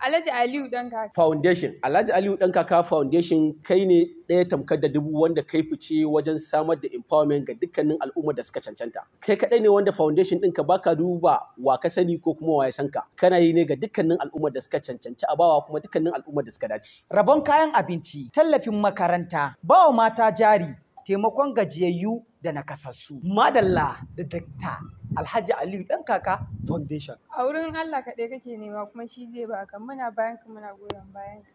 Alhaji Aliyu ɗan kaka. Foundation. Alhaji Aliyu ɗan kaka foundation kai ne ɗaya tamkar da dubu wanda kai fice wajen samar da empowerment ga dukkanin al'ummar da suka cancanta. Kai kaɗai ne wanda foundation ɗin ka baka duba wa ka sani ko kuma wa ya san ka. Kana yi ne ga dukkanin al'ummar da suka cancanci a bawa kuma dukkanin al'ummar da suka dace. Rabon kayan abinci, tallafin makaranta, bawa mata jari, taimakon gajiyayyu da nakasassu. Madalla da dakta Alhaji Aliyu ɗan kaka Foundation. A wurin Allah kaɗai kake nema kuma shi zai baka muna bayan ka muna goyon bayan ka.